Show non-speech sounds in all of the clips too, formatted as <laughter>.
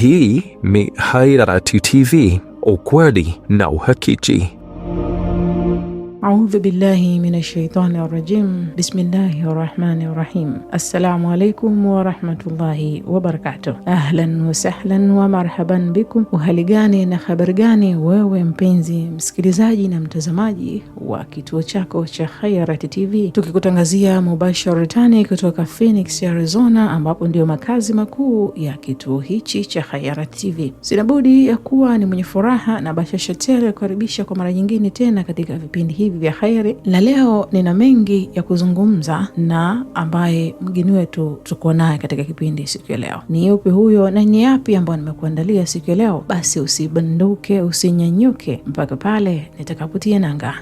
Hii ni Hairatu TV, ukweli na uhakiki. Audhu billahi minashaitani rajim. Bismillahi rahmani rahim. Assalamu alaikum warahmatullahi wabarakatu Ahlan wasahlan wa marhaban bikum. Uhali gani na habari gani, wewe mpenzi msikilizaji na mtazamaji wa kituo chako cha Khayrat TV, tukikutangazia mubasharatani kutoka Phoenix, Arizona, ambapo ndio makazi makuu ya kituo hichi cha Khayrat TV. Sina ya kuwa ni mwenye furaha na bashasha tele kukaribisha kwa mara nyingine tena katika vipindi hivi vya kheri, na leo nina mengi ya kuzungumza na ambaye mgeni wetu tuko naye katika kipindi siku ya leo. Ni yupi huyo na ni yapi ambayo nimekuandalia siku ya leo? Basi usibanduke, usinyanyuke mpaka pale nitakapotia nanga.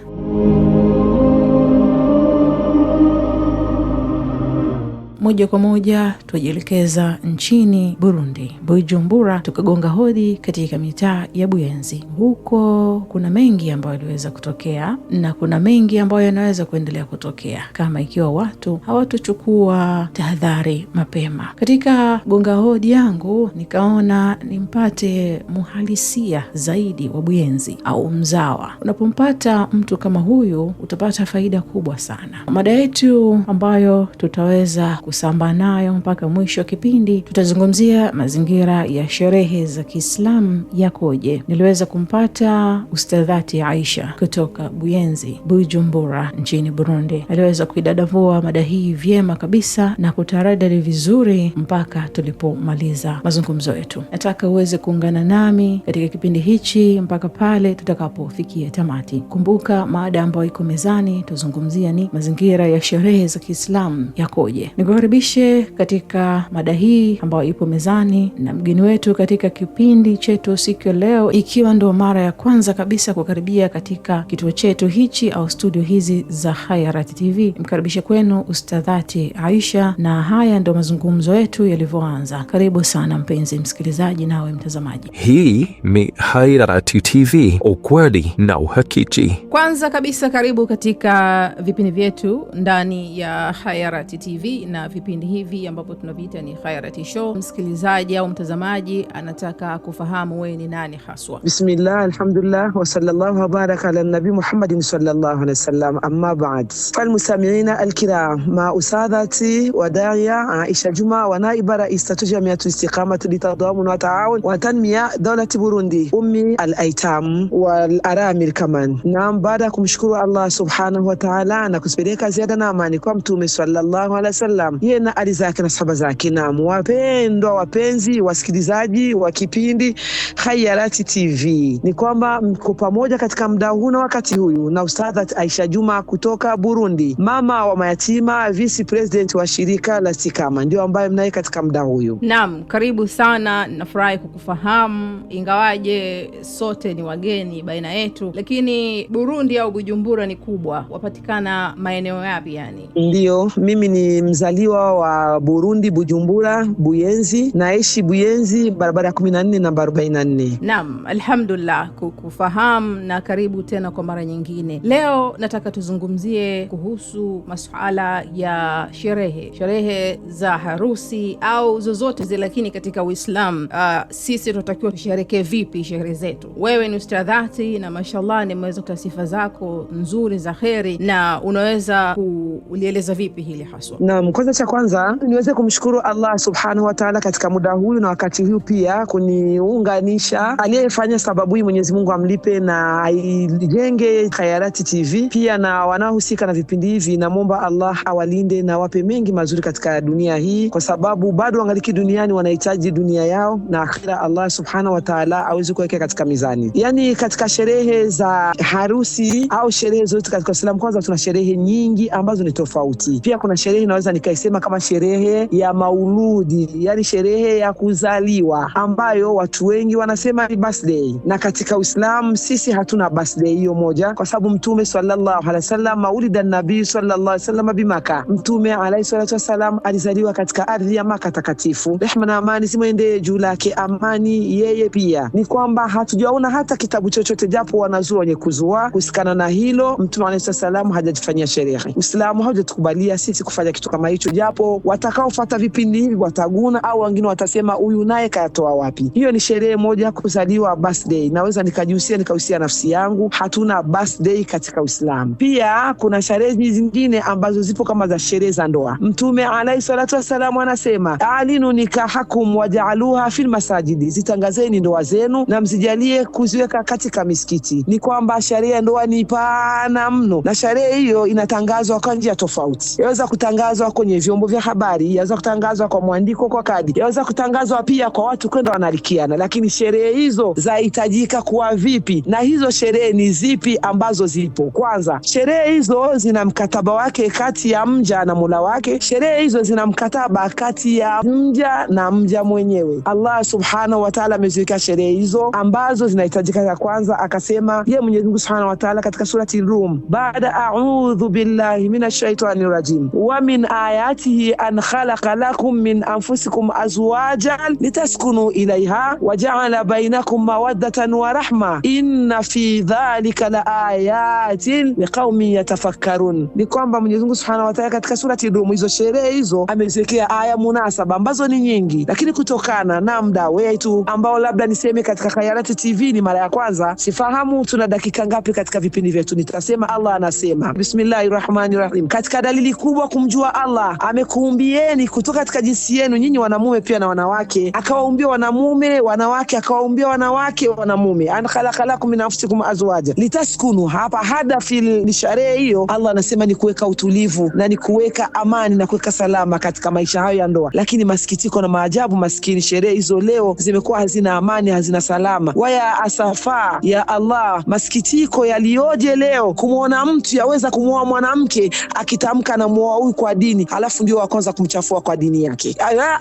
Moja kwa moja tuajielekeza nchini Burundi, Bujumbura, tukagonga hodi katika mitaa ya Buyenzi. Huko kuna mengi ambayo yaliweza kutokea na kuna mengi ambayo yanaweza kuendelea kutokea kama ikiwa watu hawatochukua tahadhari mapema. Katika gonga hodi yangu nikaona nimpate muhalisia zaidi wa Buyenzi au mzawa. Unapompata mtu kama huyu utapata faida kubwa sana. Mada yetu ambayo tutaweza Sambaa nayo mpaka mwisho wa kipindi, tutazungumzia mazingira ya sherehe za Kiislamu yakoje. Niliweza kumpata Ustadhati Aisha kutoka Buyenzi, Bujumbura nchini Burundi. Aliweza kuidadavua mada hii vyema kabisa na kutaradari vizuri mpaka tulipomaliza mazungumzo yetu. Nataka uweze kuungana nami katika kipindi hichi mpaka pale tutakapofikia tamati. Kumbuka, maada ambayo iko mezani tuzungumzia ni mazingira ya sherehe za Kiislamu yakoje nikukaribishe katika mada hii ambayo ipo mezani na mgeni wetu katika kipindi chetu siku ya leo, ikiwa ndo mara ya kwanza kabisa kukaribia katika kituo chetu hichi au studio hizi za Hayarati TV, mkaribishe kwenu Ustadhati Aisha, na haya ndo mazungumzo yetu yalivyoanza. Karibu sana mpenzi msikilizaji, nawe mtazamaji. Hii ni Hayarati TV, ukweli na uhakiki. Kwanza kabisa, karibu katika vipindi vyetu ndani ya Hayarati TV na vipindi hivi ambapo tunaviita ni Khairati Show. Msikilizaji au mtazamaji anataka kufahamu wewe ni nani haswa? Bismillah, alhamdulillah wa sallallahu wa baraka ala nabi Muhammadin sallallahu alaihi wasallam, amma ba'd. baad falmusamiina alkiram ma usadati wa daria Aisha Juma wa naiba raisatu jamiatu istiqamati litadawun wa taawun wa tanmiya dawlati Burundi ummi alaitam wal aramil kaman. Naam, baada ya kumshukuru Allah subhanahu wa ta'ala na kuzipeleka ziada na amani kwa mtume sallallahu alaihi wasallam yena na ali zake na saba zake. Naam, wapendwa wapenzi wasikilizaji wa kipindi Khayarati TV, ni kwamba mko pamoja katika mda huu na wakati huyu na Ustadha Aisha Juma kutoka Burundi, mama wa mayatima, vice president wa shirika la Stikama, ndio ambaye mnaye katika mda huyu. Naam, karibu sana, nafurahi kukufahamu ingawaje sote ni wageni baina yetu, lakini Burundi au Bujumbura ni kubwa, wapatikana maeneo yapi? Yani ndio mimi ni mzali mzaliwa wa Burundi, Bujumbura, Buyenzi, naishi Buyenzi, barabara ya 14 na nne namba Naam, alhamdulillah kukufahamu na karibu tena kwa mara nyingine. Leo nataka tuzungumzie kuhusu masuala ya sherehe, sherehe za harusi au zozote zile, lakini katika Uislamu uh, sisi tunatakiwa tusherekee vipi sherehe zetu? Wewe ni ustadhati na mashallah, nimeweza kuta sifa zako nzuri za kheri, na unaweza kulieleza vipi hili haswa? Naam, kwanza cha kwanza niweze kumshukuru Allah subhanahu wa taala katika muda huu na wakati huu pia kuniunganisha. Aliyefanya sababu hii Mwenyezi Mungu amlipe na aijenge Khayarati TV. Pia na wanaohusika na vipindi hivi, namwomba Allah awalinde na wape mengi mazuri katika dunia hii, kwa sababu bado wangaliki duniani, wanahitaji dunia yao na akhira. Allah subhanahu wa taala aweze kuwekea katika mizani. Yani katika sherehe za harusi au sherehe zote katika Uislamu, kwanza tuna sherehe nyingi ambazo ni tofauti. Pia kuna sherehe inaweza nikaisi tunasema kama sherehe ya mauludi, yani sherehe ya kuzaliwa ambayo watu wengi wanasema ni birthday, na katika Uislamu sisi hatuna birthday hiyo moja, kwa sababu Mtume sallallahu alaihi wasallam, maulida nabii sallallahu alaihi wasallam bimaka, Mtume alaihi salatu wasalam alizaliwa katika ardhi ya Maka takatifu, rehma na amani zimwendee juu lake, amani yeye pia. Ni kwamba hatujaona hata kitabu chochote, japo wanazua wenye kuzua kusikana na hilo. Mtume alaihi salatu hajajifanyia sherehe, Uislamu haujatukubalia sisi kufanya kitu kama hicho japo watakaofuata vipindi hivi wataguna au wengine watasema huyu naye kayatoa wapi. Hiyo ni sherehe moja kuzaliwa birthday, naweza nikajihusia nikahusia nafsi yangu, hatuna birthday katika Uislamu. Pia kuna sherehe zingine ambazo zipo kama za sherehe za ndoa. Mtume alaihi salatu wassalam anasema alinu nikahakum wajaaluha fil masajidi, zitangazeni ndoa zenu na mzijalie kuziweka katika misikiti. Ni kwamba sherehe ya ndoa ni pana mno, na sherehe hiyo inatangazwa kwa njia tofauti, yaweza kutangazwa kwenye vyombo vya habari, yaweza kutangazwa kwa mwandiko, kwa kadi, yaweza kutangazwa pia kwa watu kwenda wanalikiana. Lakini sherehe hizo zahitajika kuwa vipi, na hizo sherehe ni zipi ambazo zipo? Kwanza, sherehe hizo zina mkataba wake kati ya mja na mula wake. Sherehe hizo zina mkataba kati ya mja na mja mwenyewe. Allah subhanahu wa ta'ala ameziweka sherehe hizo ambazo zinahitajika. Ya kwanza akasema ye Mwenyezi Mungu subhanahu wa ta'ala katika surati Rum, baada a'udhu billahi minash shaitani rajim wa min aya khalaqa lakum min anfusikum azwajan litaskunu أزواجا لتسكنوا إليها bainakum mawaddatan مودة inna fi dhalika la ayatin liqaumin yatafakkarun. Ni kwamba Mwenyezi Mungu Subhanahu wa Ta'ala katika surati dum hizo sherehe hizo ameziwekea aya munasaba ambazo ni nyingi, lakini kutokana na muda wetu ambao labda niseme katika Khayarati TV ni mara ya kwanza, sifahamu tuna dakika ngapi katika vipindi vyetu, nitasema Allah anasema, bismillahi rahmani rahim, katika dalili kubwa kumjua Allah amekuumbieni kutoka katika jinsi yenu nyinyi wanamume pia na wanawake, akawaumbia wanamume wanawake, akawaumbia wanawake wanamume. an khalaqa min anfusikum azwaja litaskunu. Hapa hadafil sharehe hiyo, Allah anasema ni kuweka utulivu na ni kuweka amani na kuweka salama katika maisha hayo ya ndoa. Lakini masikitiko na maajabu, maskini, sherehe hizo leo zimekuwa hazina amani, hazina salama. Waya asafa ya Allah, masikitiko yaliyoje leo kumwona mtu yaweza kumwoa mwanamke akitamka na muoa huyu kwa dini Hala alafu ndio wa kwanza kumchafua kwa dini yake. Aya,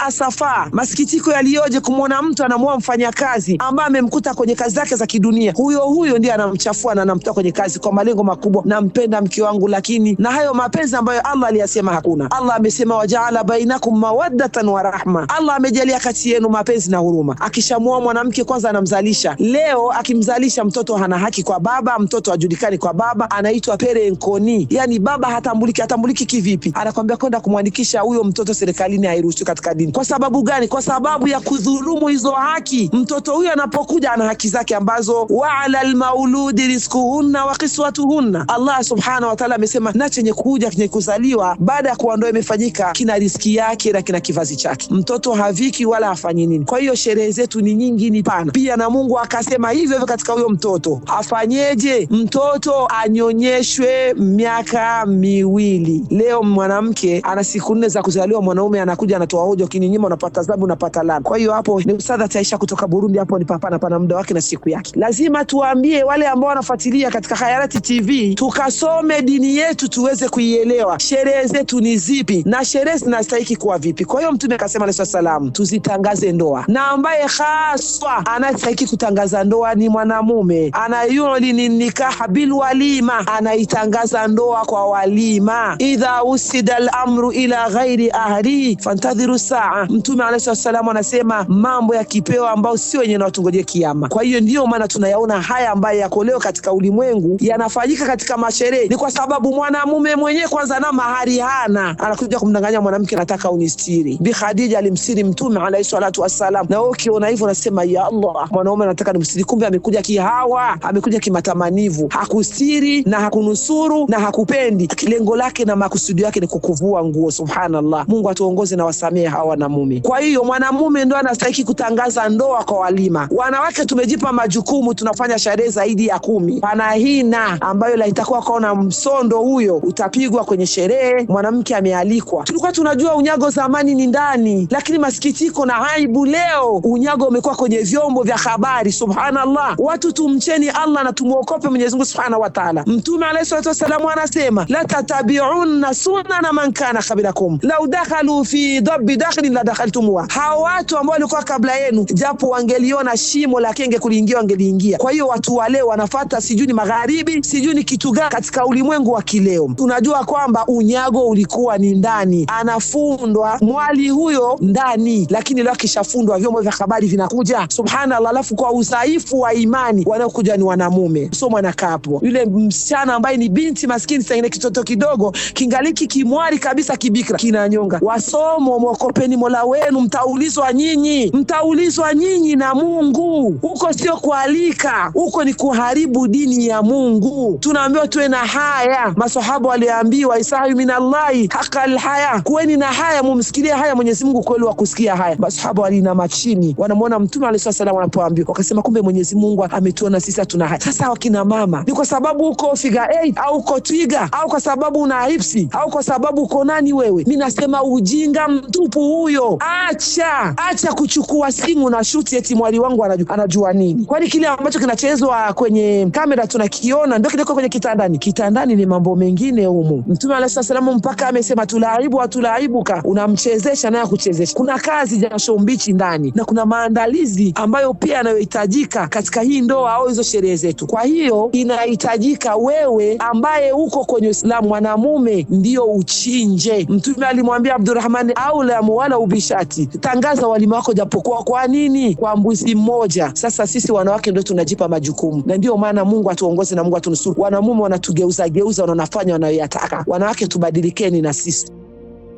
masikitiko yaliyoje kumwona mtu anamua mfanyakazi ambaye amemkuta kwenye kazi zake za kidunia, huyo huyo ndiye anamchafua na anamtoa kwenye kazi kwa malengo makubwa. Nampenda mke wangu, lakini na hayo mapenzi ambayo Allah aliyasema hakuna. Allah amesema wajaala bainakum mawaddatan wa rahma, Allah amejalia kati yenu mapenzi na huruma. akishamua mwanamke kwanza anamzalisha. Leo akimzalisha mtoto hana haki kwa baba, mtoto ajulikani kwa baba, anaitwa pere nkoni, yani baba hatambuliki. Hatambuliki kivipi? Anakwambia kwenda kum kumwandikisha huyo mtoto serikalini hairuhusiwi katika dini. Kwa sababu gani? Kwa sababu ya kudhulumu hizo haki. Mtoto huyo anapokuja ana haki zake ambazo waala lmauludi riskuhunna wa kiswatuhunna. Allah subhanahu wa taala amesema, na chenye kuja chenye kuzaliwa baada ya kuandoa imefanyika kina riski yake na kina kivazi chake. Mtoto haviki wala hafanyi nini. Kwa hiyo sherehe zetu ni nyingi, ni pana pia, na Mungu akasema hivyo hivyo katika huyo mtoto afanyeje? Mtoto anyonyeshwe miaka miwili. Leo mwanamke ana siku nne za kuzaliwa mwanaume anakuja anatoa hoja, ukininyima unapata adhabu, unapata laana. Kwa hiyo hapo ni Sadat taisha kutoka Burundi, hapo ni papana, pana muda wake na siku yake. Lazima tuwaambie wale ambao wanafuatilia katika Hayarati TV, tukasome dini yetu tuweze kuielewa, sherehe zetu ni zipi na sherehe zinastahiki kuwa vipi. Kwa hiyo Mtume akasema alayhi salam, tuzitangaze ndoa, na ambaye haswa anastahiki kutangaza ndoa ni mwanamume anayulini nikaha bilwalima, anaitangaza ndoa kwa walima, idha usida lamru ila ghairi ahli fantadhiru saa. Mtume alayhi wasallam anasema mambo ya kipewa ambayo sio wenye nawatungojea kiama. Kwa hiyo ndiyo maana tunayaona haya ambayo yako leo katika ulimwengu yanafanyika katika masherehe, ni kwa sababu mwanamume mwenyewe kwanza na mahari hana, anakuja kumdanganya mwanamke, nataka unistiri. Bi Khadija alimsiri Mtume alayhi salatu wasallam, na wewe ukiona hivyo unasema ya Allah, mwanaume anataka nimstiri, kumbe amekuja kihawa, amekuja kimatamanivu, hakustiri na hakunusuru na hakupendi. Lengo lake na makusudi yake ni kukuvua nguo huo. Subhanallah, Mungu atuongoze na wasamehe hawa wanamume. Kwa hiyo mwanamume ndo anastahiki kutangaza ndoa kwa walima. Wanawake tumejipa majukumu, tunafanya sherehe zaidi ya kumi, pana hina ambayo laitakuwa kaona msondo huyo utapigwa kwenye sherehe, mwanamke amealikwa. Tulikuwa tunajua unyago zamani ni ndani, lakini masikitiko na aibu, leo unyago umekuwa kwenye vyombo vya habari. Subhanallah, watu tumcheni Allah na tumwokope Mwenyezi Mungu subhanahu wa taala. Mtume alayhi salatu wassalamu anasema la tatabiunna sunana man kana qablakum lau dakhalu fi dabbi dakhilin la dakhaltumuha, hawa watu ambao walikuwa kabla yenu, japo wangeliona shimo la kenge kuliingia wangeliingia. Kwa hiyo watu wale wanafata sijui ni magharibi sijui ni kitu gani katika ulimwengu wa kileo. Tunajua kwamba unyago ulikuwa ni ndani, anafundwa mwali huyo ndani, lakini leo akishafundwa vyombo vya habari vinakuja, subhanallah. Alafu kwa udhaifu wa imani wanaokuja ni wanamume, so mwanakapo yule msichana ambaye ni binti maskini, sengine kitoto kidogo kingaliki kimwali kabisa kibikira kinanyonga. Wasomo, mwokopeni Mola wenu, mtaulizwa nyinyi, mtaulizwa nyinyi na Mungu. Huko sio kualika, huko ni kuharibu dini ya Mungu. Tunaambiwa tuwe na haya. Masahaba waliambiwa isahayu minallahi haka lhaya kuweni na haya, mumsikilie haya Mwenyezi Mungu kweli wa kusikia haya. Masahaba walinama chini, wanamwona Mtume alayhi salamu wanapoambiwa, wakasema kumbe Mwenyezi Mungu ametuona sisi hatuna haya. Sasa wakina mama, ni kwa sababu uko figa 8 au uko twiga au kwa sababu una hipsi au kwa sababu uko nani nani wewe? Mi nasema ujinga mtupu huyo, acha acha kuchukua simu na shuti eti mwali wangu anajua, anajua nini? Kwani kile ambacho kinachezwa kwenye kamera tunakiona ndio kilikuwa kwenye kitandani. Kitandani ni mambo mengine humu. Mtume alayhi salamu mpaka amesema tulaaibu hatulaibuka, unamchezesha naye akuchezesha. Kuna kazi jasho mbichi ndani na kuna maandalizi ambayo pia yanayohitajika katika hii ndoa au hizo sherehe zetu. Kwa hiyo inahitajika wewe ambaye uko kwenye Uislamu, mwanamume ndiyo uchinje yeye. Mtume alimwambia abdurahmani aulam wala ubishati tangaza walimu wako japokuwa. Kwa nini? Kwa mbuzi mmoja. Sasa sisi wanawake ndio tunajipa majukumu, na ndio maana Mungu atuongoze na Mungu atunusuru. Wanamume wanatugeuzageuza geuza, wanafanya wanayoyataka. Wanawake, tubadilikeni na sisi.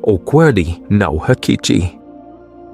Ukweli na uhakiki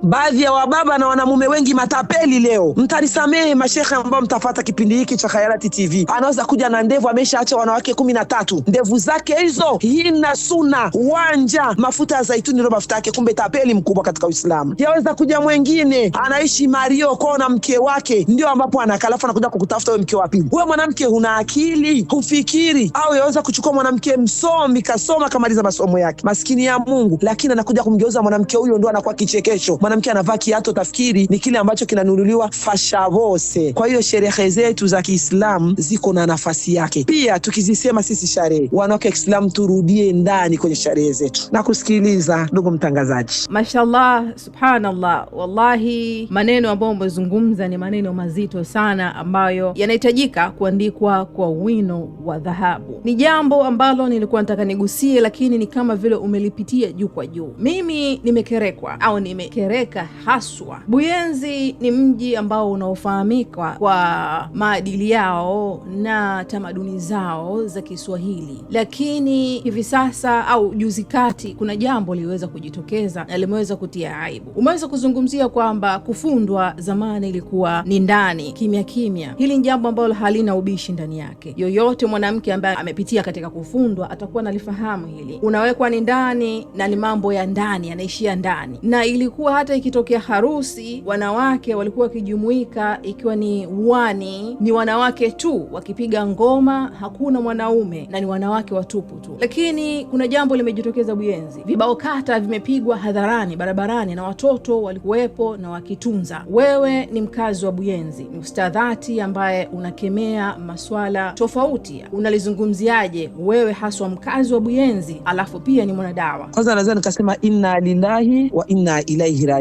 baadhi ya wababa na wanamume wengi matapeli leo. Mtanisamehe mashekhe ambao mtafata kipindi hiki cha Khayrat TV, anaweza kuja na ndevu, ameshaacha wanawake kumi na tatu ndevu zake hizo, hina suna wanja, mafuta ya zaituni ndio mafuta yake, kumbe tapeli mkubwa katika Uislamu. Yaweza kuja mwengine anaishi Mario kwao na mke wake, ndio ambapo anakaa, alafu anakuja kukutafuta wewe mke wa pili. huwe mwanamke huna akili, hufikiri. Au yaweza kuchukua mwanamke msomi, kasoma, kamaliza masomo yake, maskini ya Mungu, lakini anakuja kumgeuza mwanamke huyo, ndio anakuwa kichekesho Mwana mwanamke anavaa kiato, tafikiri ni kile ambacho kinanunuliwa fashavose. Kwa hiyo sherehe zetu za Kiislamu ziko na nafasi yake pia. Tukizisema sisi sharehe wanawake wa Kiislamu, turudie ndani kwenye sharehe zetu na kusikiliza. Ndugu mtangazaji, mashallah, subhanallah, wallahi maneno ambayo umezungumza ni maneno mazito sana ambayo yanahitajika kuandikwa kwa wino wa dhahabu. Ni jambo ambalo nilikuwa nataka nigusie, lakini ni kama vile umelipitia juu kwa juu. Mimi nimekerekwa au nimekerekwa kueleweka haswa. Buyenzi ni mji ambao unaofahamika kwa maadili yao na tamaduni zao za Kiswahili, lakini hivi sasa au juzi kati kuna jambo liliweza kujitokeza na limeweza kutia aibu. Umeweza kuzungumzia kwamba kufundwa zamani ilikuwa ni ndani kimya kimya. Hili ni jambo ambalo halina ubishi ndani yake. Yoyote mwanamke ambaye amepitia katika kufundwa atakuwa nalifahamu hili, unawekwa ni ndani na ni mambo ya ndani, yanaishia ndani na ilikuwa hata ikitokea harusi, wanawake walikuwa wakijumuika, ikiwa ni wani, ni wanawake tu wakipiga ngoma, hakuna mwanaume na ni wanawake watupu tu. Lakini kuna jambo limejitokeza Buyenzi, vibao kata vimepigwa hadharani, barabarani, na watoto walikuwepo na wakitunza. Wewe ni mkazi wa Buyenzi, ni ustadhati ambaye unakemea maswala tofauti, unalizungumziaje wewe haswa mkazi wa Buyenzi alafu pia ni mwanadawa? Kwanza naweza nikasema inna lillahi wa inna ilaihi la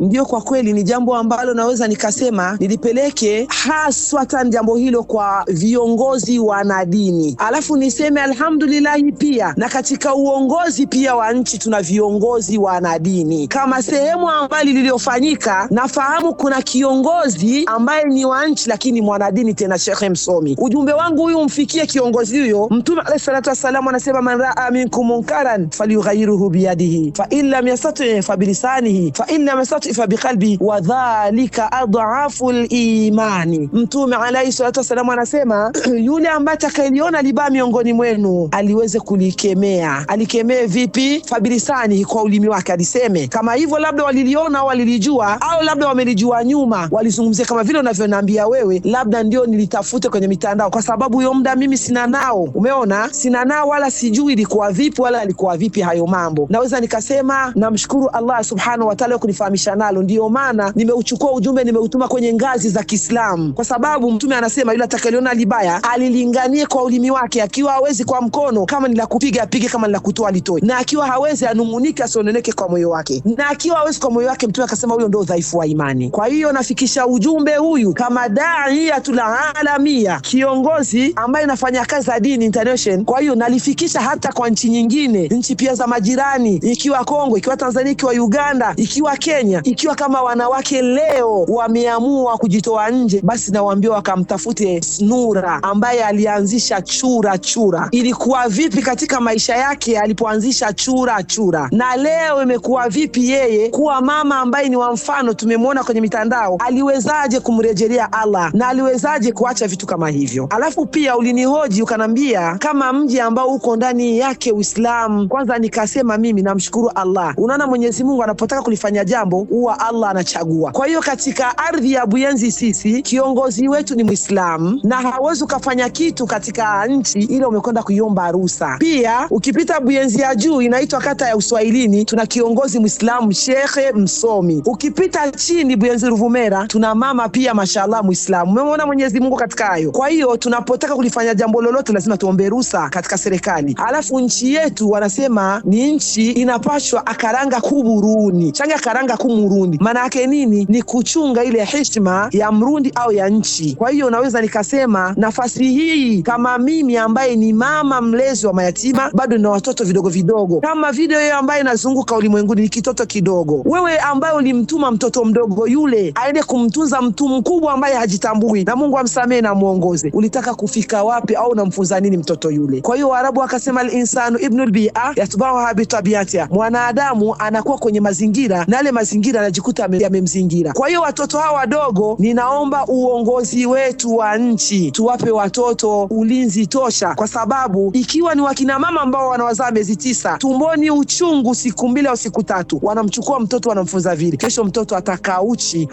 Ndio, kwa kweli ni jambo ambalo naweza nikasema nilipeleke haswa tan jambo hilo kwa viongozi nadini, alafu niseme alhamdulillahi pia na katika uongozi pia wa nchi tuna viongozi nadini. kama sehemu ambayo liliyofanyika. Nafahamu kuna kiongozi ambaye ni wa nchi lakini mwanadini tena, shekhe msomi. Ujumbe wangu huyu umfikie kiongozi huyo. Mtume alayhi salatu wassalamu anasema man raa minkum munkaran falyughayyirhu biyadihi fa in lam yastati fabilisanihi qalbi fa inna masatifa biqalbi wa dhalika adhafu limani. Mtume alaihi salatu wassalam anasema <clears throat> yule ambaye atakayeliona libaa miongoni mwenu aliweze kulikemea. Alikemee vipi? Fabilisani, kwa ulimi wake aliseme, kama hivyo labda waliliona au walilijua au labda wamelijua nyuma, walizungumzia kama vile unavyonaambia wewe, labda ndio nilitafute kwenye mitandao, kwa sababu huyo muda mimi sina nao. Umeona, sina nao, wala sijui ilikuwa vipi, wala alikuwa vipi hayo mambo. Naweza nikasema namshukuru Allah subhanahu wa hata leo kunifahamisha nalo. Ndiyo maana nimeuchukua ujumbe, nimeutuma kwenye ngazi za Kiislamu, kwa sababu Mtume anasema yule atakaliona libaya alilinganie kwa ulimi wake, akiwa hawezi kwa mkono, kama ni la kupiga apige, kama ni la kutoa litoe, na akiwa hawezi anung'unike, asioneneke kwa moyo wake, na akiwa hawezi kwa moyo wake, Mtume akasema huyo ndio udhaifu wa imani. Kwa hiyo nafikisha ujumbe huyu kama daiyatul alamia, kiongozi ambaye nafanya kazi za dini international. Kwa hiyo nalifikisha hata kwa nchi nyingine, nchi pia za majirani, ikiwa Kongo, ikiwa Tanzania, ikiwa Uganda, ikiwa ikiwa Kenya, ikiwa kama wanawake leo wameamua kujitoa nje, basi nawaambia wakamtafute Nura ambaye alianzisha Chura Chura. Ilikuwa vipi katika maisha yake alipoanzisha Chura Chura, na leo imekuwa vipi yeye kuwa mama ambaye ni wa mfano, tumemwona kwenye mitandao. Aliwezaje kumrejelea Allah na aliwezaje kuacha vitu kama hivyo? Alafu pia ulinihoji ukanambia kama mji ambao uko ndani yake Uislamu. Kwanza nikasema mimi namshukuru Allah. Unaona Mwenyezi Mungu anapotaka akifanya jambo huwa Allah anachagua. Kwa hiyo katika ardhi ya Buyenzi sisi kiongozi wetu ni Mwislamu na hawezi ukafanya kitu katika nchi ile umekwenda kuiomba ruhusa. Pia ukipita Buyenzi ya juu inaitwa kata ya Uswahilini, tuna kiongozi Mwislamu shekhe msomi. Ukipita chini Buyenzi Ruvumera tuna mama pia mashallah Mwislamu. Umemwona Mwenyezi Mungu katika hayo. Kwa hiyo tunapotaka kulifanya jambo lolote lazima tuombe rusa katika serikali, alafu nchi yetu wanasema ni nchi inapashwa akaranga kuburuni Changa kufanya karanga ku Murundi. Maana yake nini? Ni kuchunga ile heshima ya Mrundi au ya nchi. Kwa hiyo naweza nikasema nafasi hii, kama mimi ambaye ni mama mlezi wa mayatima, bado na watoto vidogo vidogo, kama video hiyo ambayo inazunguka ulimwenguni, ni kitoto kidogo. Wewe ambaye ulimtuma mtoto mdogo yule aende kumtunza mtu mkubwa ambaye hajitambui, na Mungu amsamehe na mwongoze, ulitaka kufika wapi? Au unamfunza nini mtoto yule? Kwa hiyo Waarabu wakasema, al insanu ibnul bia yatbauha bitabiatia, mwanadamu anakuwa kwenye mazingira mazingira na yale mazingira anajikuta yamemzingira. Kwa hiyo watoto hawa wadogo, ninaomba uongozi wetu wa nchi tuwape watoto ulinzi tosha, kwa sababu ikiwa ni wakinamama ambao wanawazaa miezi tisa, tumboni uchungu siku mbili au siku tatu, wanamchukua mtoto wanamfunza vile, kesho mtoto atakaa uchi,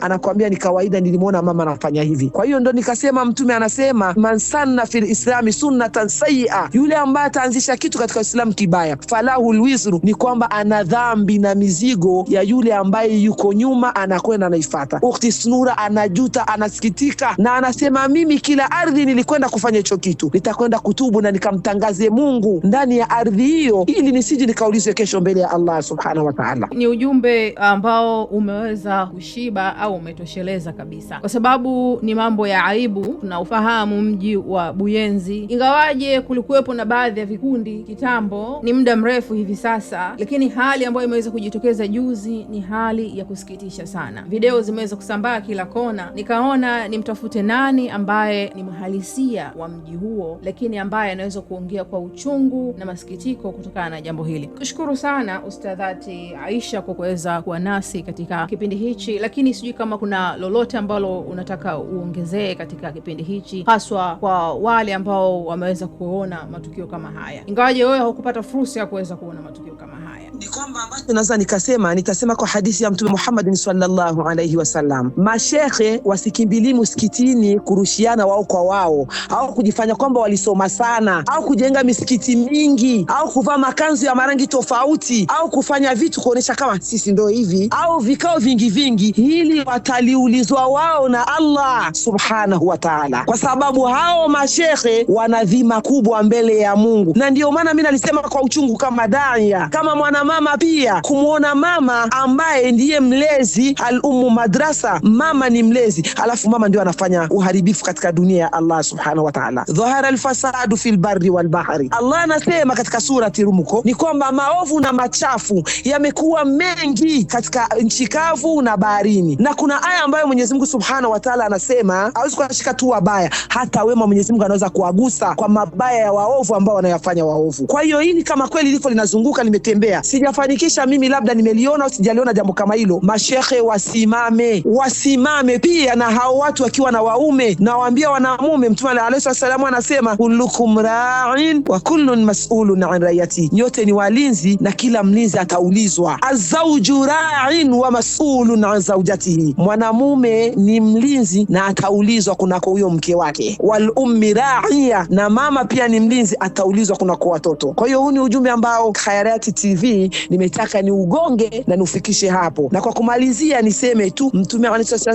ni kawaida, nilimwona mama anafanya hivi. Kwa hiyo ndo nikasema Mtume anasema mansanna fil islami sunnatan sayia, yule ambaye ataanzisha kitu katika Uislamu kibaya, falahu lwizru, ni kwamba ana dhambi na mizigo ya yule ambaye yuko nyuma anakwenda anaifata. Ukhti Snura anajuta, anasikitika na anasema, mimi kila ardhi nilikwenda kufanya hicho kitu, nitakwenda kutubu na nikamtangaze Mungu ndani ya ardhi hiyo, ili nisije nikaulizwe kesho mbele ya Allah subhanahu wa ta'ala. Ni ujumbe ambao umeweza kushiba au umetosheleza kabisa, kwa sababu ni mambo ya aibu na ufahamu mji wa Buyenzi, ingawaje kulikuwepo na baadhi ya vikundi kitambo, ni muda mrefu hivi sasa, lakini hali ambayo imeweza kujitokeza juzi ni hali ya kusikitisha sana. Video zimeweza kusambaa kila kona, nikaona nimtafute nani ambaye ni mhalisia wa mji huo, lakini ambaye anaweza kuongea kwa uchungu na masikitiko kutokana na jambo hili. Kushukuru sana Ustadhati Aisha kwa kuweza kuwa nasi katika kipindi hichi, lakini sijui kama kuna lolote ambalo unataka uongezee katika kipindi hichi, haswa kwa wale ambao wameweza kuona matukio kama haya, ingawaje wewe haukupata fursa ya kuweza kuona matukio kama haya. Ni kwamba ambacho naweza nikasema nikasema Tunasema kwa hadithi ya Mtume Muhammadin sallallahu alaihi wasallam, mashekhe wasikimbilii msikitini kurushiana wao kwa wao au kujifanya kwamba walisoma sana au kujenga misikiti mingi au kuvaa makanzu ya marangi tofauti au kufanya vitu kuonesha kama sisi ndo hivi au vikao vingi vingi, hili wataliulizwa wao na Allah subhanahu wa taala, kwa sababu hao mashekhe wana dhima kubwa mbele ya Mungu. Na ndio maana mi nalisema kwa uchungu kama daya, kama mwanamama pia, kumwona mama ambaye ndiye mlezi al madrasa, mama ni mlezi, alafu mama ndio anafanya uharibifu katika dunia ya Allah subhanahu wa ta'ala. Dhahara alfasadu fil barri wal bahri, Allah anasema katika surati Rumuko ni kwamba maovu na machafu yamekuwa mengi katika nchi kavu na baharini, na kuna aya ambayo Mwenyezi Mungu subhanahu wa ta'ala anasema hawezi kuwashika tu wabaya, hata wema Mwenyezi Mungu anaweza kuwagusa kwa mabaya ya waovu ambao wanayafanya waovu. Kwa hiyo hili kama kweli liko linazunguka, limetembea, sijafanikisha mimi, labda nimeliona au sija hawajaliona jambo kama hilo, mashehe wasimame, wasimame pia na hao watu wakiwa na waume na waambia wanamume. Mtume alayhi salamu anasema kullukum ra'in wa kullun mas'ulun an rayati, nyote ni walinzi na kila mlinzi ataulizwa. Azauju ra'in wa mas'ulun an zaujatihi, mwanamume ni mlinzi na ataulizwa kunako huyo mke wake. Wal ummi ra'ia, na mama pia ni mlinzi, ataulizwa kunako watoto. Kwa hiyo huu ni ujumbe ambao Khayarati TV nimetaka ni ugonge na nifikishe hapo. Na kwa kumalizia, niseme tu Mtume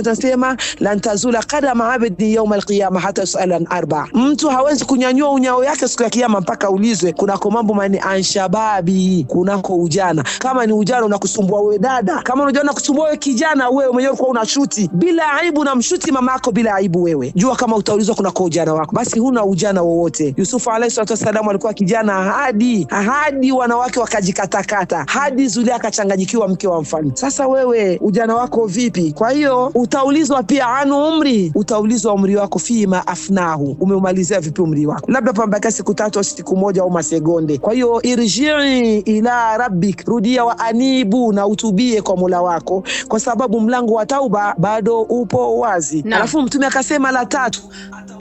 anasema lan tazula qadama abdi yauma alqiyama hata yusala an arba, mtu hawezi kunyanyua unyao yake siku ya kiyama mpaka ulizwe kunako mambo mani anshababi, kunako ujana. Kama ni ujana unakusumbua wewe dada, kama unajua unakusumbua wewe kijana, wewe mwenyewe kwa unashuti bila aibu, na mshuti mamako bila aibu, wewe jua kama utaulizwa kunako ujana wako, basi huna ujana wowote. Yusufu alayhi salatu wasalam alikuwa kijana hadi hadi wanawake wakajikatakata, hadi Zulia akachanganyikiwa mke wa wa mfalme. Sasa wewe ujana wako vipi? Kwa hiyo utaulizwa pia anu umri, utaulizwa umri wako fima afnahu, umeumalizia vipi umri wako, labda pambakia siku tatu au siku moja au masegonde. Kwa hiyo irjii ila rabbik, rudia wa anibu, na utubie kwa mola wako, kwa sababu mlango wa tauba bado upo wazi. Alafu mtume akasema la tatu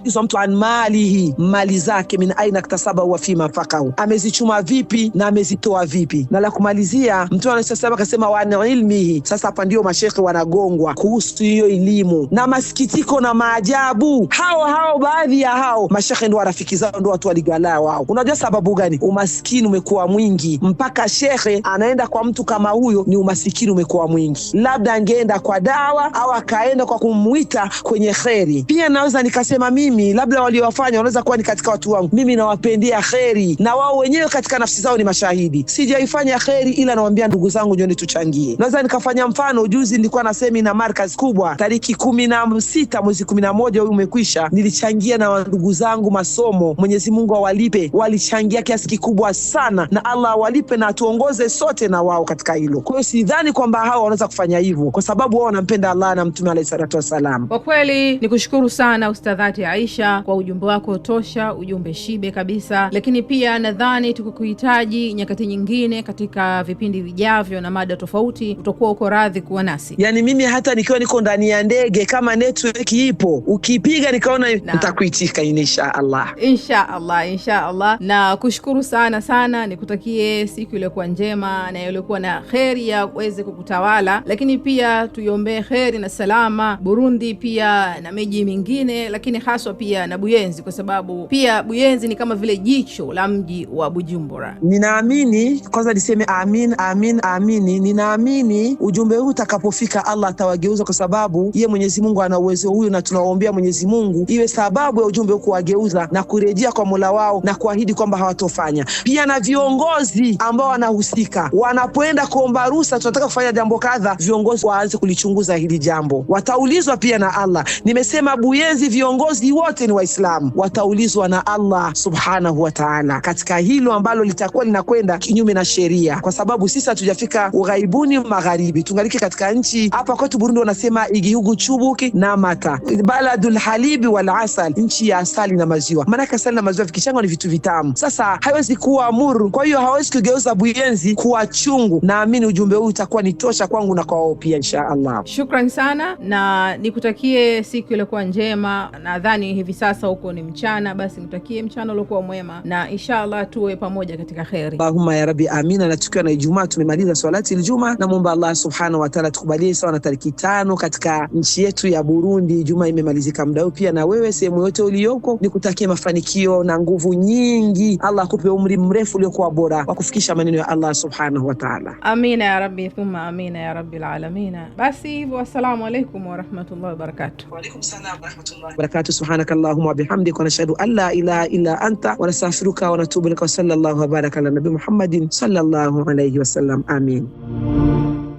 ameagizwa mtu an malihi, mali zake, min aina ktasabahu wa fi fakahu, amezichuma vipi na amezitoa vipi. Na la kumalizia, Mtume alayhi akasema wan ilmihi. Sasa hapa ndio mashekhe wanagongwa kuhusu hiyo elimu, na masikitiko na maajabu, hao hao baadhi ya hao mashekhe ndio rafiki zao ndio watu waligalaa wao. Unajua sababu gani? Umaskini umekuwa mwingi mpaka shekhe anaenda kwa mtu kama huyo, ni umasikini umekuwa mwingi. Labda angeenda kwa dawa au akaenda kwa kumwita kwenye kheri. Pia naweza nikasema mimi mimi labda waliowafanya wanaweza kuwa ni katika watu wangu, mimi nawapendea kheri na wao wenyewe katika nafsi zao ni mashahidi, sijaifanya kheri, ila nawaambia ndugu zangu, njoni tuchangie. Naweza nikafanya mfano, juzi nilikuwa na semina Markaz kubwa tariki kumi na sita mwezi kumi na moja huyu umekwisha, nilichangia na ndugu zangu masomo. Mwenyezi Mungu awalipe, walichangia kiasi kikubwa sana, na Allah awalipe na atuongoze sote na wao katika hilo. Kwa hiyo sidhani kwamba hao wanaweza kufanya hivyo, kwa sababu wao wanampenda Allah na Mtume alayhi salatu wassalam. Kwa kweli ni kushukuru sana ustadhati maisha kwa ujumbe wako tosha, ujumbe shibe kabisa. Lakini pia nadhani tukikuhitaji nyakati nyingine katika vipindi vijavyo na mada tofauti, utakuwa uko radhi kuwa nasi. Yani mimi hata nikiwa niko ndani ya ndege, kama network ipo, ukipiga nikaona nitakuitika, insha Allah, insha Allah, insha Allah. Na kushukuru sana sana, nikutakie siku iliyokuwa njema na iliyokuwa na kheri ya uweze kukutawala, lakini pia tuiombee kheri na salama Burundi pia na miji mingine, lakini haswa pia na Buyenzi kwa sababu pia Buyenzi ni kama vile jicho la mji wa Bujumbura. Ninaamini kwanza niseme amin, amin, amini. Ninaamini ujumbe huu utakapofika Allah atawageuza kwa sababu yeye Mwenyezi Mungu ana uwezo huyo, na tunawaombea Mwenyezi Mungu iwe sababu ya ujumbe huu kuwageuza na kurejea kwa Mola wao na kuahidi kwamba hawatofanya. Pia na viongozi ambao wanahusika wanapoenda kuomba ruhusa, tunataka kufanya jambo kadha, viongozi waanze kulichunguza hili jambo, wataulizwa pia na Allah. Nimesema Buyenzi viongozi wote ni Waislamu wataulizwa na Allah subhanahu wa taala katika hilo ambalo litakuwa linakwenda kinyume na sheria, kwa sababu sisi hatujafika ughaibuni magharibi, tungaliki katika nchi hapa kwetu Burundi wanasema igihugu chubuki na mata baladul halibi wal asal, nchi ya asali na maziwa. Maanake asali na maziwa vikichangwa ni vitu vitamu. Sasa haiwezi kuwa muru, kwa hiyo hawezi kugeuza buyenzi kuwa chungu. Naamini ujumbe huu utakuwa ni tosha kwangu na kwa wao pia, insha Allah. Shukran sana na nikutakie siku iliyokuwa njema. Nadhani Marekani hivi sasa, huko ni mchana. Basi mtakie mchana uliokuwa mwema, na inshallah tuwe pamoja katika kheri. Allahumma ya rabbi amina. Na tukiwa na Ijumaa tumemaliza swalati na namwomba Allah subhanahu wa ta'ala tukubalie sawa na tariki tano katika nchi yetu ya Burundi. Ijumaa imemalizika muda huu pia, na wewe sehemu yote uliyoko ni kutakia mafanikio na nguvu nyingi. Allah akupe umri mrefu uliokuwa bora wa kufikisha maneno ya Allah subhanahu wa ta'ala. Amina ya rabbi thumma amina ya rabbil alamina. Basi hivyo, assalamu alaykum wa rahmatullahi wa barakatuh. Wa alaykum salaam wa rahmatullahi wa barakatuh. سبحانك اللهم وبحمدك ونشهد أن لا إله إلا أنت ونستغفرك ونتوب إليك وصلى الله وبارك على النبي محمد صلى الله عليه وسلم آمين.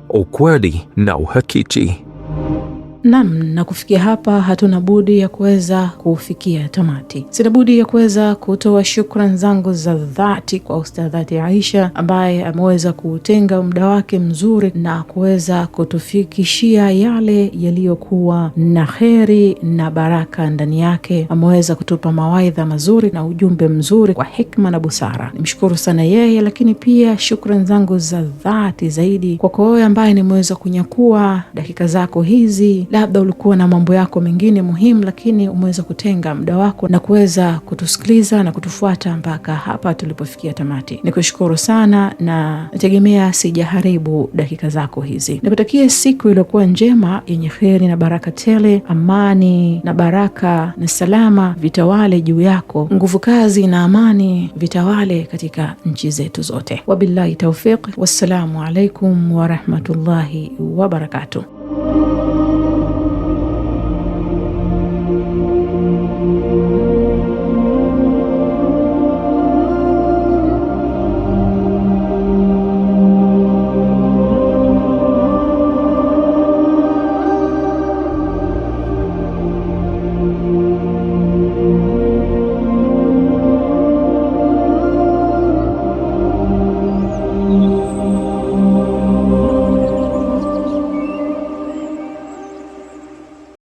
Ukweli na uhakiki Nam, na kufikia hapa hatuna budi ya kuweza kufikia tamati. Sina budi ya kuweza kutoa shukran zangu za dhati kwa Ustadhati Aisha ambaye ameweza kutenga muda wake mzuri na kuweza kutufikishia yale yaliyokuwa na heri na baraka ndani yake. Ameweza kutupa mawaidha mazuri na ujumbe mzuri kwa hikma na busara. Nimshukuru sana yeye, lakini pia shukran zangu za dhati zaidi kwako wewe ambaye nimeweza kunyakua dakika zako hizi labda ulikuwa na mambo yako mengine muhimu, lakini umeweza kutenga muda wako na kuweza kutusikiliza na kutufuata mpaka hapa tulipofikia tamati. Nikushukuru sana na nategemea sijaharibu dakika zako hizi. Nikutakie siku iliyokuwa njema yenye heri na baraka tele. Amani na baraka na salama vitawale juu yako, nguvu kazi na amani vitawale katika nchi zetu zote. Wabillahi taufiq, wassalamu alaikum warahmatullahi wabarakatuh.